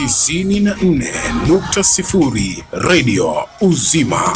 94.0 Radio Uzima.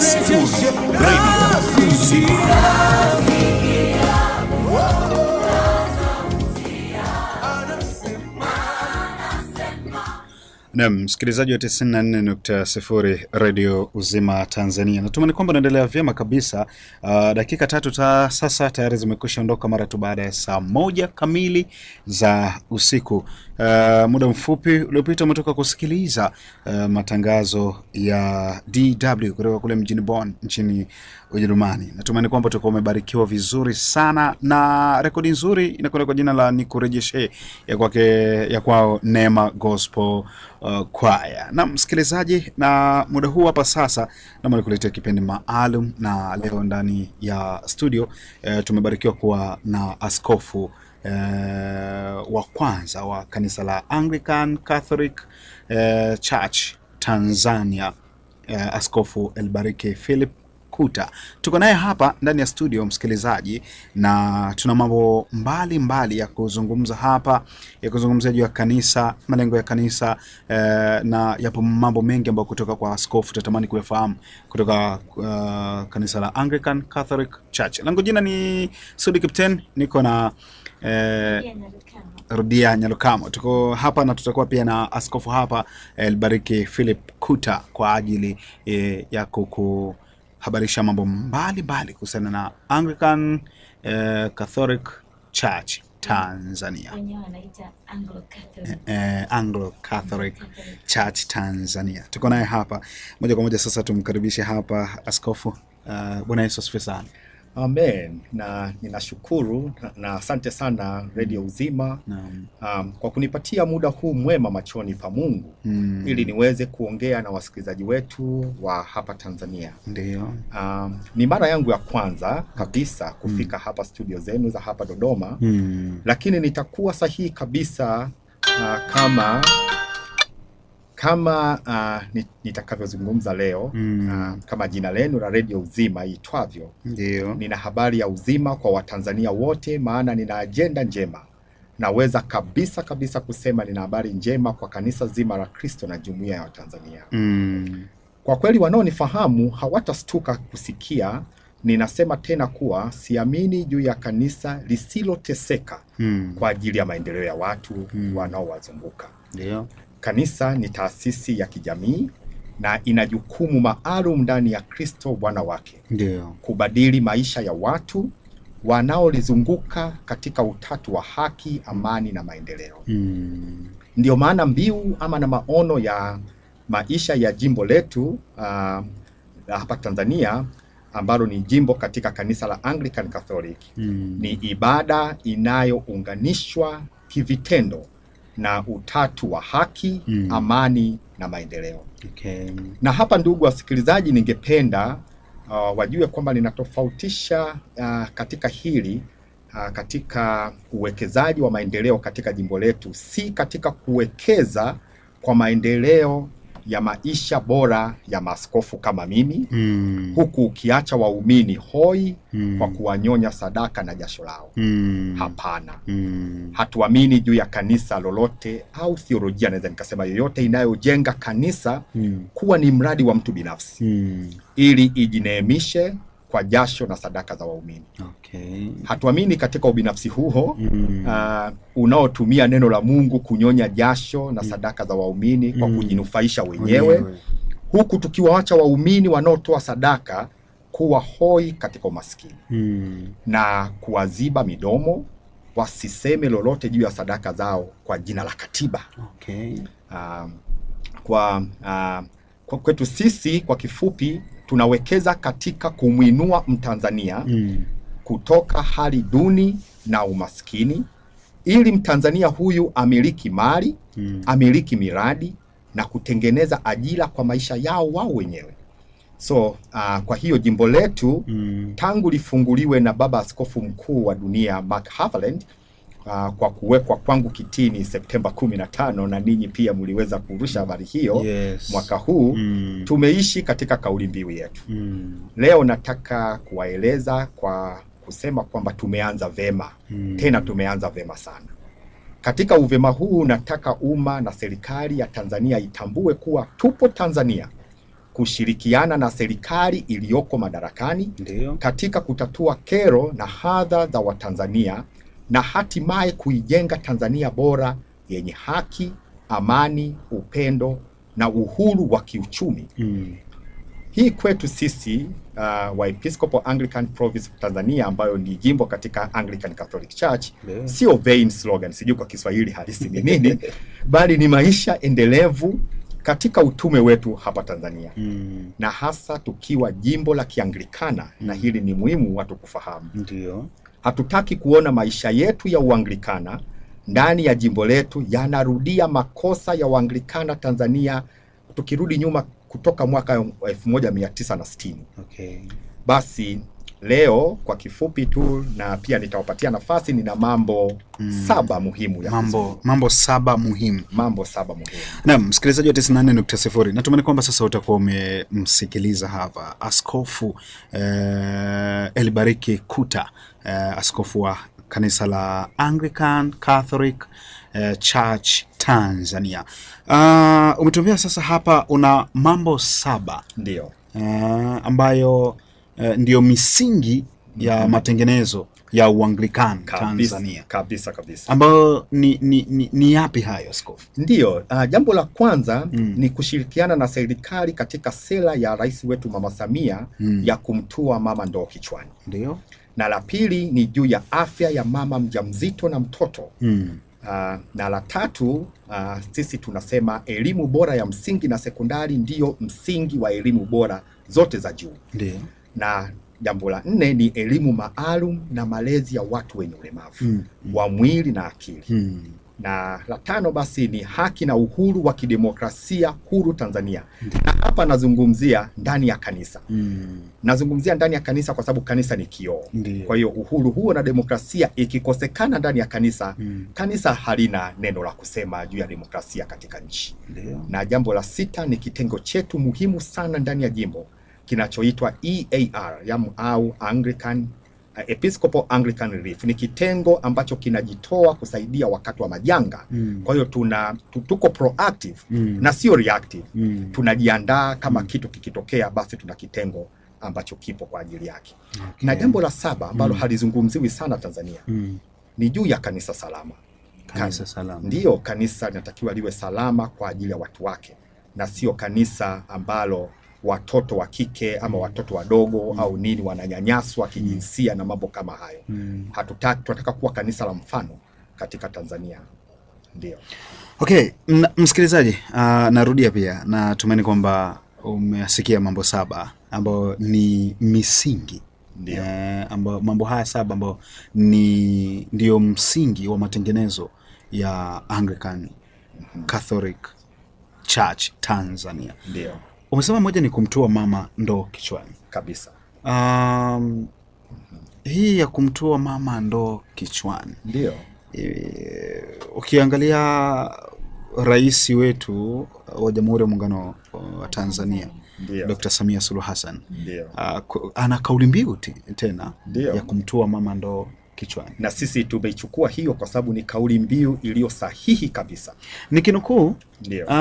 Escuro, Prêmio Música Naam, msikilizaji wa 94.0 Radio Uzima Tanzania, natumani kwamba unaendelea vyema kabisa. Uh, dakika tatu ta sasa tayari zimekwisha ondoka mara tu baada ya saa moja kamili za usiku. Uh, muda mfupi uliopita umetoka kusikiliza uh, matangazo ya DW kutoka kule mjini Bonn nchini Ujerumani. Natumani kwamba utakuwa umebarikiwa vizuri sana, na rekodi nzuri inakwenda kwa jina la Nikurejeshe ya kwake ya kwao Neema Gospel uh, kwaya. Na msikilizaji, na muda huu hapa sasa, na nikuletea kipindi maalum, na leo ndani ya studio eh, tumebarikiwa kuwa na askofu E, wa kwanza wa kanisa la Anglican Catholic e, Church Tanzania e, Askofu Elbariki Philip kuta. Tuko naye hapa ndani ya studio msikilizaji, na tuna mambo mbalimbali ya kuzungumza hapa, ya kuzungumzia juu ya kanisa, malengo ya kanisa eh, na yapo mambo mengi ambayo kutoka kwa askofu tunatamani kuyafahamu kutoka uh, kanisa la Anglican Catholic Church. Langu jina ni Sudi Kipten, niko na eh, Rudia Nyalukamo. Tuko hapa na tutakuwa pia na askofu hapa Elbariki Philip Kuta kwa ajili eh, ya kuku habarisha mambo mbalimbali kuhusiana na Anglican eh, Catholic Church Tanzania. Anglo Catholic, eh, eh, Anglo -Catholic Church Tanzania. Tuko naye hapa moja kwa moja sasa, tumkaribishe hapa askofu. Uh, Bwana Yesu asifiwe sana. Amen, na ninashukuru na asante sana Redio Uzima um, kwa kunipatia muda huu mwema machoni pa Mungu mm. ili niweze kuongea na wasikilizaji wetu wa hapa Tanzania. Ndio. Um, ni mara yangu ya kwanza kabisa kufika mm. hapa studio zenu za hapa Dodoma mm. lakini nitakuwa sahihi kabisa uh, kama kama uh, nitakavyozungumza leo mm. uh, kama jina lenu la redio Uzima iitwavyo, ndio nina habari ya uzima kwa Watanzania wote, maana nina ajenda njema. Naweza kabisa kabisa kusema nina habari njema kwa kanisa zima la Kristo na jumuiya ya Watanzania mm. Kwa kweli wanaonifahamu hawatastuka kusikia ninasema tena kuwa siamini juu ya kanisa lisiloteseka mm. kwa ajili ya maendeleo ya watu mm. wanaowazunguka. Ndio Kanisa ni taasisi ya kijamii na ina jukumu maalum ndani ya Kristo Bwana wake. Ndio. Kubadili maisha ya watu wanaolizunguka katika utatu wa haki, amani na maendeleo. Mm. Ndiyo maana mbiu ama na maono ya maisha ya jimbo letu uh, hapa Tanzania ambalo ni jimbo katika kanisa la Anglican Catholic mm. ni ibada inayounganishwa kivitendo na utatu wa haki mm. amani na maendeleo okay. Na hapa ndugu wasikilizaji, ningependa uh, wajue kwamba ninatofautisha uh, katika hili uh, katika uwekezaji wa maendeleo katika jimbo letu, si katika kuwekeza kwa maendeleo ya maisha bora ya maskofu kama mimi mm. huku ukiacha waumini hoi mm. kwa kuwanyonya sadaka na jasho lao mm. Hapana mm. hatuamini juu ya kanisa lolote au theolojia, naweza nikasema yoyote inayojenga kanisa mm. kuwa ni mradi wa mtu binafsi mm. ili ijineemishe kwa jasho na sadaka za waumini. Okay. Hatuamini katika ubinafsi huo mm. uh, unaotumia neno la Mungu kunyonya jasho na mm. sadaka za waumini kwa mm. kujinufaisha wenyewe huku tukiwaacha waumini wanaotoa sadaka kuwa hoi katika umaskini mm. na kuwaziba midomo wasiseme lolote juu ya sadaka zao kwa jina la katiba. Okay. Um, uh, kwa uh, kwetu sisi kwa kifupi tunawekeza katika kumwinua Mtanzania mm. kutoka hali duni na umaskini ili Mtanzania huyu amiliki mali mm. amiliki miradi na kutengeneza ajira kwa maisha yao wao wenyewe. So uh, kwa hiyo jimbo letu mm. tangu lifunguliwe na baba askofu mkuu wa dunia Mark Haverland uh, kwa kuwekwa kwangu kitini Septemba 15 na ninyi pia mliweza kurusha mm. habari hiyo yes. Mwaka huu mm. Tumeishi katika kauli mbiu yetu mm. Leo nataka kuwaeleza kwa kusema kwamba tumeanza vema mm. Tena tumeanza vema sana. Katika uvema huu nataka umma na serikali ya Tanzania itambue kuwa tupo Tanzania kushirikiana na serikali iliyoko madarakani Ndiyo. katika kutatua kero na hadha za Watanzania na hatimaye kuijenga Tanzania bora yenye haki, amani, upendo na uhuru wa kiuchumi mm. Hii kwetu sisi uh, wa Episcopal Anglican Province of Tanzania ambayo ni jimbo katika Anglican Catholic Church yeah. Sio vain slogan, sijui kwa Kiswahili halisi ni nini bali ni maisha endelevu katika utume wetu hapa Tanzania mm. na hasa tukiwa jimbo la Kianglikana mm. na hmm. hili ni muhimu watu kufahamu. Ndio. Hatutaki kuona maisha yetu ya Uanglikana ndani ya jimbo letu yanarudia makosa ya Uanglikana Tanzania tukirudi nyuma kutoka mwaka 1960. Okay. Basi leo kwa kifupi tu, na pia nitawapatia nafasi. Nina mambo mm, saba muhimu ya mambo, mambo saba muhimu mambo saba muhimu. Naam, msikilizaji wa 94.0, natumaini kwamba sasa utakuwa umemsikiliza hapa Askofu eh, Elibariki Kuta eh, askofu wa kanisa la Anglican Catholic eh, Church Tanzania. Uh, umetuambia sasa hapa una mambo saba ndio, eh, ambayo Eh, ndio ndiyo misingi ya mhm. matengenezo ya Uanglikana Tanzania kabisa kabisa, ambayo ni, ni, ni, ni yapi hayo askofu? Ndiyo. Uh, ah, jambo la kwanza mm. ni kushirikiana na serikali katika sera ya rais wetu Mama Samia mm. ya kumtua mama ndoo kichwani. Ndiyo. Na la pili ni juu ya afya ya mama mjamzito na mtoto mm. Uh, na la tatu uh, sisi tunasema elimu bora ya msingi na sekondari ndiyo msingi wa elimu bora zote za juu. Ndiyo na jambo la nne ni elimu maalum na malezi ya watu wenye ulemavu mm, wa mwili na akili mm. Na la tano basi ni haki na uhuru wa kidemokrasia huru Tanzania mm. Na hapa nazungumzia ndani ya kanisa mm. Nazungumzia ndani ya kanisa kwa sababu kanisa ni kioo mm. Kwa hiyo uhuru huo na demokrasia ikikosekana ndani ya kanisa mm. Kanisa halina neno la kusema juu ya demokrasia katika nchi mm. Na jambo la sita ni kitengo chetu muhimu sana ndani ya jimbo kinachoitwa EAR yamu au Anglican eh, Episcopal Anglican Relief ni kitengo ambacho kinajitoa kusaidia wakati wa majanga mm. Kwa hiyo tuna tuko proactive mm. na sio reactive mm. Tunajiandaa kama mm. kitu kikitokea, basi tuna kitengo ambacho kipo kwa ajili yake okay. Na jambo la saba ambalo mm. halizungumziwi sana Tanzania mm. ni juu ya kanisa salama. Kanisa salama ndiyo, kanisa linatakiwa liwe salama kwa ajili ya watu wake na sio kanisa ambalo watoto wa kike ama watoto wadogo mm. au nini wananyanyaswa kijinsia mm. na mambo kama hayo mm. hatutaki, tunataka kuwa kanisa la mfano katika Tanzania. Ndio. Okay, msikilizaji, uh, narudia pia natumaini kwamba umeasikia mambo saba ambayo ni misingi ndio. Eh, ambayo mambo haya saba ambayo ni ndio msingi wa matengenezo ya Anglican mhm. Catholic Church Tanzania ndio. Umesema moja ni kumtua mama ndoo kichwani kabisa. Um, hii ya kumtua mama ndoo kichwani ndio e, ukiangalia rais wetu wa Jamhuri ya Muungano wa Tanzania Dr. Samia Suluhu Hassan uh, ana kauli mbiu tena Dio, ya kumtua mama ndoo kichwani, na sisi tumeichukua hiyo kwa sababu ni kauli mbiu iliyo sahihi kabisa. Nikinukuu uh,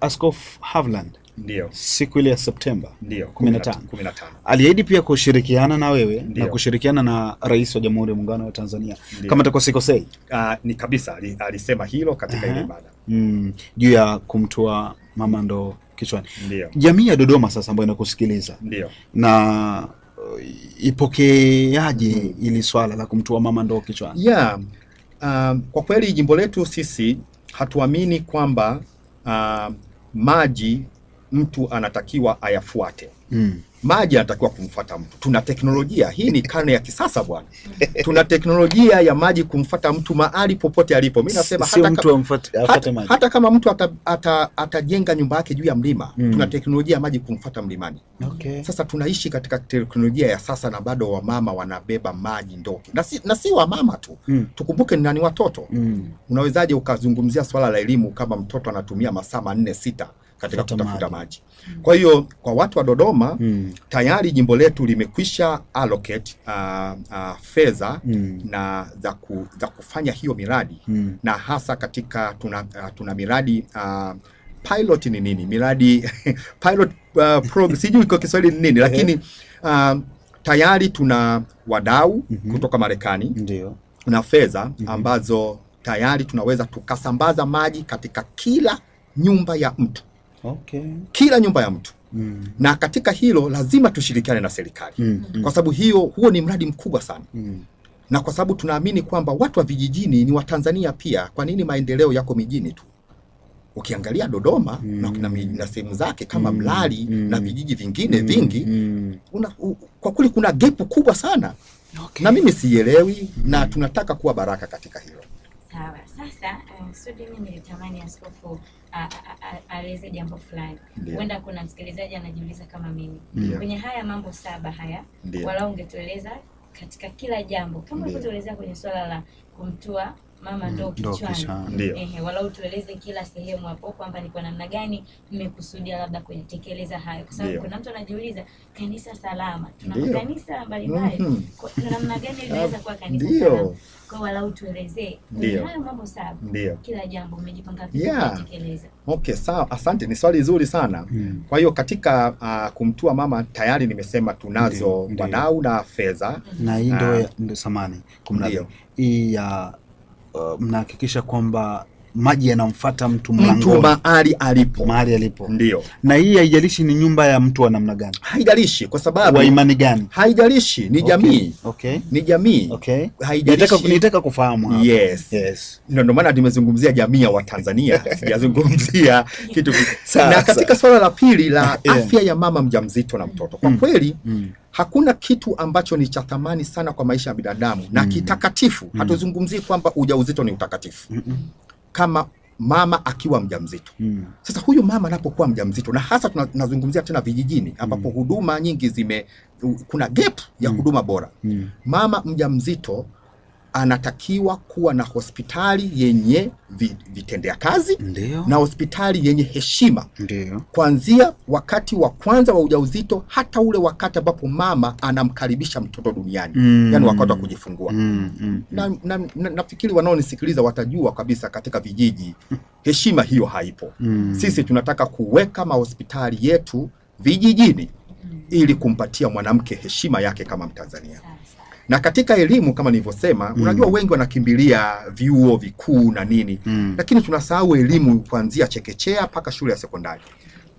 Askofu Havland Ndiyo. Siku ile ya Septemba 15. 15. Aliahidi pia kushirikiana na wewe Ndiyo. na kushirikiana na Rais wa Jamhuri ya Muungano wa Tanzania Ndiyo. kama tako sikosei. Uh, ni kabisa alisema hilo katika ile ibada mm, juu ya kumtoa mama ndo kichwani. Ndiyo. Jamii ya Dodoma sasa ambayo inakusikiliza Ndiyo. na uh, ipokeaje hmm. ili swala la kumtua mama ndo kichwani? Yeah. Uh, kwa kweli jimbo letu sisi hatuamini kwamba uh, maji mtu anatakiwa ayafuate mm. Maji anatakiwa kumfuata mtu. Tuna teknolojia hii, ni karne ya kisasa bwana. Tuna teknolojia ya maji kumfata mtu mahali popote alipo. Mimi nasema hata, ka, hata, hata kama mtu atajenga nyumba yake juu ya mlima mm. tuna teknolojia ya maji kumfata mlimani okay. Sasa tunaishi katika teknolojia ya sasa na bado wamama wanabeba maji ndoki, na si, na si wamama tu mm. tukumbuke nani, watoto mm. unawezaje ukazungumzia swala la elimu kama mtoto anatumia masaa manne sita katika Fata kutafuta maji. Kwa hiyo kwa watu wa Dodoma mm. tayari jimbo letu limekwisha allocate uh, uh, fedha mm. na za, ku, za kufanya hiyo miradi mm. na hasa katika tuna, uh, tuna miradi uh, pilot ni nini miradi pilot uh, program sijui kwa Kiswahili ni nini lakini uh, tayari tuna wadau mm -hmm. kutoka Marekani ndio na fedha mm -hmm. ambazo tayari tunaweza tukasambaza maji katika kila nyumba ya mtu okay. kila nyumba ya mtu Mm. Na katika hilo lazima tushirikiane na serikali mm. Mm. Kwa sababu hiyo huo ni mradi mkubwa sana mm. Na kwa sababu tunaamini kwamba watu wa vijijini ni Watanzania pia. Kwa nini maendeleo yako mijini tu? Ukiangalia Dodoma mm. na, na sehemu zake kama mm. Mlali mm. na vijiji vingine mm. vingi mm. Una, u, kwa kweli kuna gepu kubwa sana okay. Na mimi sielewi mm. na tunataka kuwa baraka katika hilo makusudi mimi nilitamani askofu uh, uh, uh, aeleze jambo fulani. Huenda kuna msikilizaji anajiuliza kama mimi kwenye haya mambo saba haya, walau ungetueleza katika kila jambo kama ulivyotuelezea kwenye swala la kumtua mama ndo mm, kichwani. Ehe, wala utueleze kila sehemu hapo kwamba ni kwa namna gani mmekusudia labda kuyatekeleza hayo, kwa sababu kuna mtu anajiuliza kanisa salama, tuna kanisa mbalimbali mm -hmm. kwa namna gani inaweza kuwa kanisa Dio. salama kwa wala tuelezee hayo mambo saba, kila jambo mmejipanga vipi Yeah. kutekeleza Okay, sawa, asante, ni swali zuri sana mm. Kwa hiyo katika uh, kumtua mama tayari nimesema tunazo wadau na fedha na hii ndio ah. samani kumradhi hii ya mnahakikisha kwamba maji yanamfuata mtu mlangoni, mahali alipo, mahali alipo. Ndio, na hii haijalishi ni nyumba ya mtu wa namna gani, haijalishi kwa sababu wa imani gani, haijalishi ni jamii okay. Okay. ni jamii okay. haijalishi nitaka, nitaka kufahamu hapa. Yes. Yes. Ndio maana tumezungumzia jamii ya Watanzania sijazungumzia kitu na katika swala la pili la afya ya mama mjamzito na mtoto kwa mm. kweli mm. Hakuna kitu ambacho ni cha thamani sana kwa maisha ya binadamu na mm. kitakatifu. Mm. Hatuzungumzii kwamba ujauzito ni utakatifu, kama mama akiwa mjamzito hmm. Sasa huyu mama anapokuwa mjamzito na hasa tunazungumzia tena vijijini ambapo hmm. huduma nyingi zime, kuna gap ya hmm. huduma bora hmm. mama mjamzito anatakiwa kuwa na hospitali yenye vitendea kazi Ndiyo. na hospitali yenye heshima kuanzia wakati wa kwanza wa ujauzito hata ule wakati ambapo mama anamkaribisha mtoto duniani mm. yani wakati wa kujifungua mm, mm, mm. na, na, na, nafikiri wanaonisikiliza watajua kabisa katika vijiji heshima hiyo haipo mm. sisi tunataka kuweka mahospitali yetu vijijini mm. ili kumpatia mwanamke heshima yake kama Mtanzania. Na katika elimu kama nilivyosema, mm. unajua wengi wanakimbilia vyuo vikuu na nini mm. lakini tunasahau elimu kuanzia chekechea mpaka shule ya sekondari.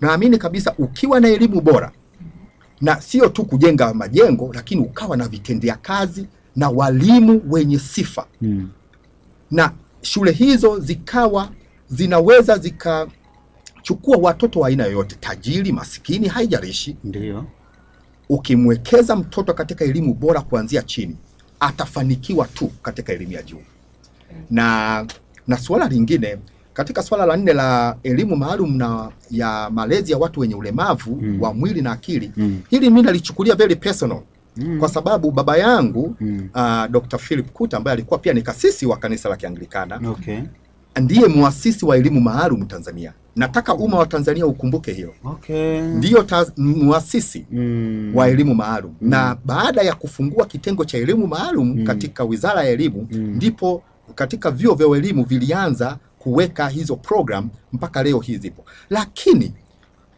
Naamini kabisa ukiwa na elimu bora na sio tu kujenga majengo, lakini ukawa na vitendea kazi na walimu wenye sifa mm. na shule hizo zikawa zinaweza zikachukua watoto wa aina yoyote, tajiri, masikini, haijarishi ndio ukimwekeza mtoto katika elimu bora kuanzia chini atafanikiwa tu katika elimu ya juu. Na na suala lingine katika suala la nne la elimu maalum na ya malezi ya watu wenye ulemavu mm. wa mwili na akili mm. hili mimi nalichukulia very personal mm. kwa sababu baba yangu mm. uh, Dr. Philip Kuta ambaye alikuwa pia ni kasisi wa kanisa la Kianglikana okay ndiye muasisi wa elimu maalum Tanzania. Nataka umma wa Tanzania ukumbuke hiyo Okay. Ndiyo muasisi mm. wa elimu maalum mm. na baada ya kufungua kitengo cha elimu maalum mm. katika Wizara ya Elimu mm. ndipo katika vyuo vya elimu vilianza kuweka hizo program mpaka leo hii zipo, lakini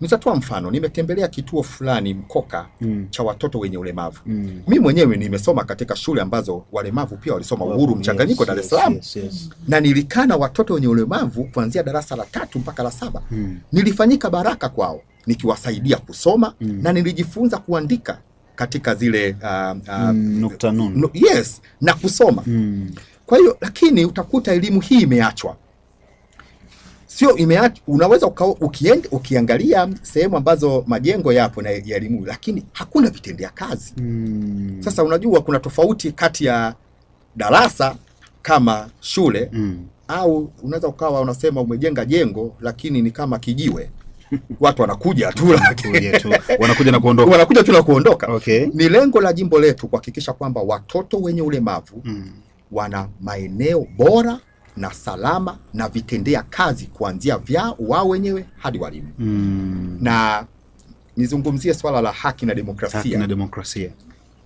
Nitatoa mfano, nimetembelea kituo fulani Mkoka mm. cha watoto wenye ulemavu mm. mi mwenyewe nimesoma katika shule ambazo walemavu pia walisoma Uhuru yes, mchanganyiko Dar es Salaam yes, yes, yes. na nilikana watoto wenye ulemavu kuanzia darasa la tatu mpaka la saba mm. nilifanyika baraka kwao nikiwasaidia kusoma mm. na nilijifunza kuandika katika zile uh, uh, mm, nukta nunu. yes na kusoma mm. kwa hiyo, lakini utakuta elimu hii imeachwa sio imeacha. Unaweza ukienda ukiangalia sehemu ambazo majengo yapo na elimu, lakini hakuna vitendea kazi mm. Sasa unajua kuna tofauti kati ya darasa kama shule mm. au unaweza ukawa unasema umejenga jengo lakini ni kama kijiwe watu wanakuja tu wanakuja na kuondoka, wanakuja tu na kuondoka. Okay. Ni lengo la jimbo letu kuhakikisha kwamba watoto wenye ulemavu mm. wana maeneo bora na salama na vitendea kazi kuanzia vyao wao wenyewe hadi walimu mm. na nizungumzie swala la haki na demokrasia, haki na demokrasia.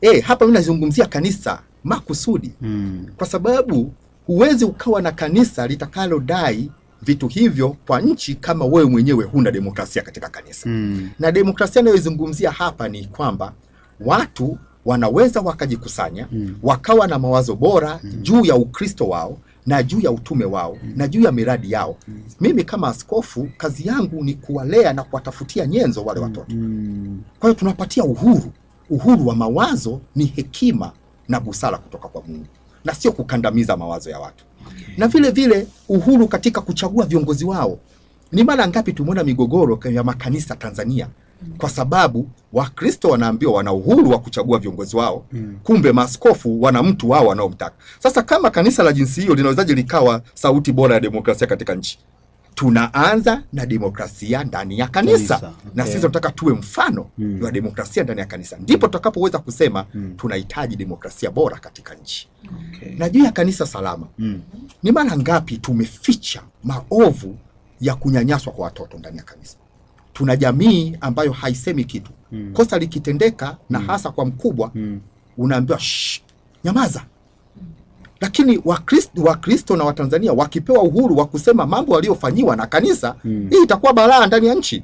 E, hapa mimi nazungumzia kanisa makusudi mm. kwa sababu huwezi ukawa na kanisa litakalodai vitu hivyo kwa nchi kama wewe mwenyewe huna demokrasia katika kanisa mm. na demokrasia nayoizungumzia hapa ni kwamba watu wanaweza wakajikusanya mm. wakawa na mawazo bora mm. juu ya Ukristo wao na juu ya utume wao na juu ya miradi yao. Mimi kama askofu, kazi yangu ni kuwalea na kuwatafutia nyenzo wale watoto. Kwa hiyo tunapatia uhuru, uhuru wa mawazo ni hekima na busara kutoka kwa Mungu na sio kukandamiza mawazo ya watu, na vile vile uhuru katika kuchagua viongozi wao. Ni mara ngapi tumeona migogoro ya makanisa Tanzania kwa sababu Wakristo wanaambiwa wana uhuru wa kuchagua viongozi wao mm. Kumbe maskofu wana mtu wao wanaomtaka. Sasa kama kanisa la jinsi hiyo linawezaji likawa sauti bora ya demokrasia katika nchi? Tunaanza na demokrasia ndani ya kanisa, kanisa. Okay. Na sisi tunataka tuwe mfano mm. wa demokrasia ndani ya kanisa, ndipo tutakapoweza kusema mm. tunahitaji demokrasia bora katika nchi okay. Na juu ya kanisa salama mm. ni mara ngapi tumeficha maovu ya kunyanyaswa kwa watoto ndani ya kanisa? tuna jamii ambayo haisemi kitu mm. kosa likitendeka na hmm. hasa kwa mkubwa mm. unaambiwa nyamaza lakini Wakristo Wakristo na Watanzania wakipewa uhuru wa kusema mambo waliofanyiwa na kanisa mm. hii itakuwa balaa ndani ya nchi.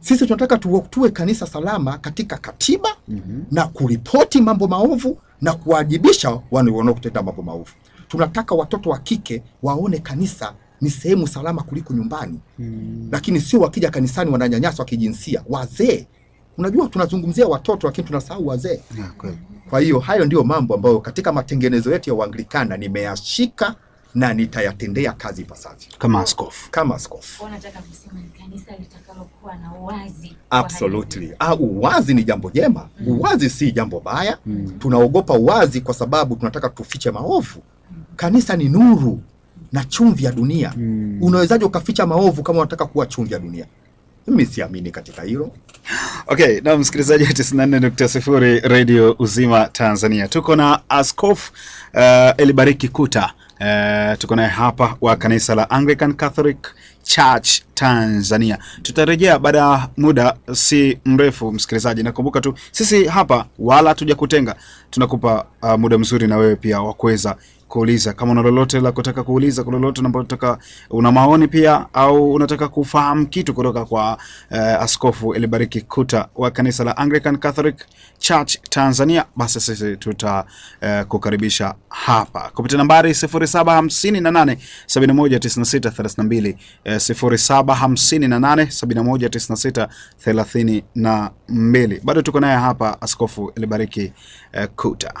Sisi tunataka tuwe kanisa salama katika katiba mm -hmm. na kuripoti mambo maovu na kuwajibisha wanaokutenda mambo maovu. Tunataka watoto wa kike waone kanisa ni sehemu salama kuliko nyumbani hmm. Lakini sio wakija kanisani wananyanyaswa kijinsia. Wazee, unajua tunazungumzia watoto lakini tunasahau wazee yeah, Kwa hiyo hayo ndiyo mambo ambayo katika matengenezo yetu ya Uanglikana nimeyashika na nitayatendea kazi ipasavyo kama askofu, kama askofu. Wanataka kusema ni kanisa na uwazi. Absolutely. Ah, uwazi ni jambo jema mm. Uwazi si jambo baya mm. Tunaogopa uwazi kwa sababu tunataka tufiche maovu mm. Kanisa ni nuru na chumvi ya dunia mm. Unawezaje ukaficha maovu kama unataka kuwa chumvi ya dunia? Mimi siamini katika hilo. Okay, na msikilizaji wa 94.0 Radio Uzima Tanzania, tuko na Askofu uh, eh, Elibariki Kuta uh, tuko naye hapa wa kanisa la Anglican Catholic Church Tanzania. Tutarejea baada ya muda si mrefu, msikilizaji, nakumbuka tu sisi hapa wala tuja kutenga, tunakupa uh, muda mzuri na wewe pia wa kuweza kuuliza kama una lolote la kutaka kuuliza, kuna lolote unataka, una maoni pia au unataka kufahamu kitu kutoka kwa uh, Askofu Elibariki Kuta wa kanisa la Anglican Catholic Church Tanzania, basi sisi tutakukaribisha uh, hapa kupitia nambari 0758719632 uh, 07 0758719632. Bado tuko naye hapa Askofu Elibariki eh, Kuta.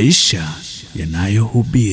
maisha yanayohubiri.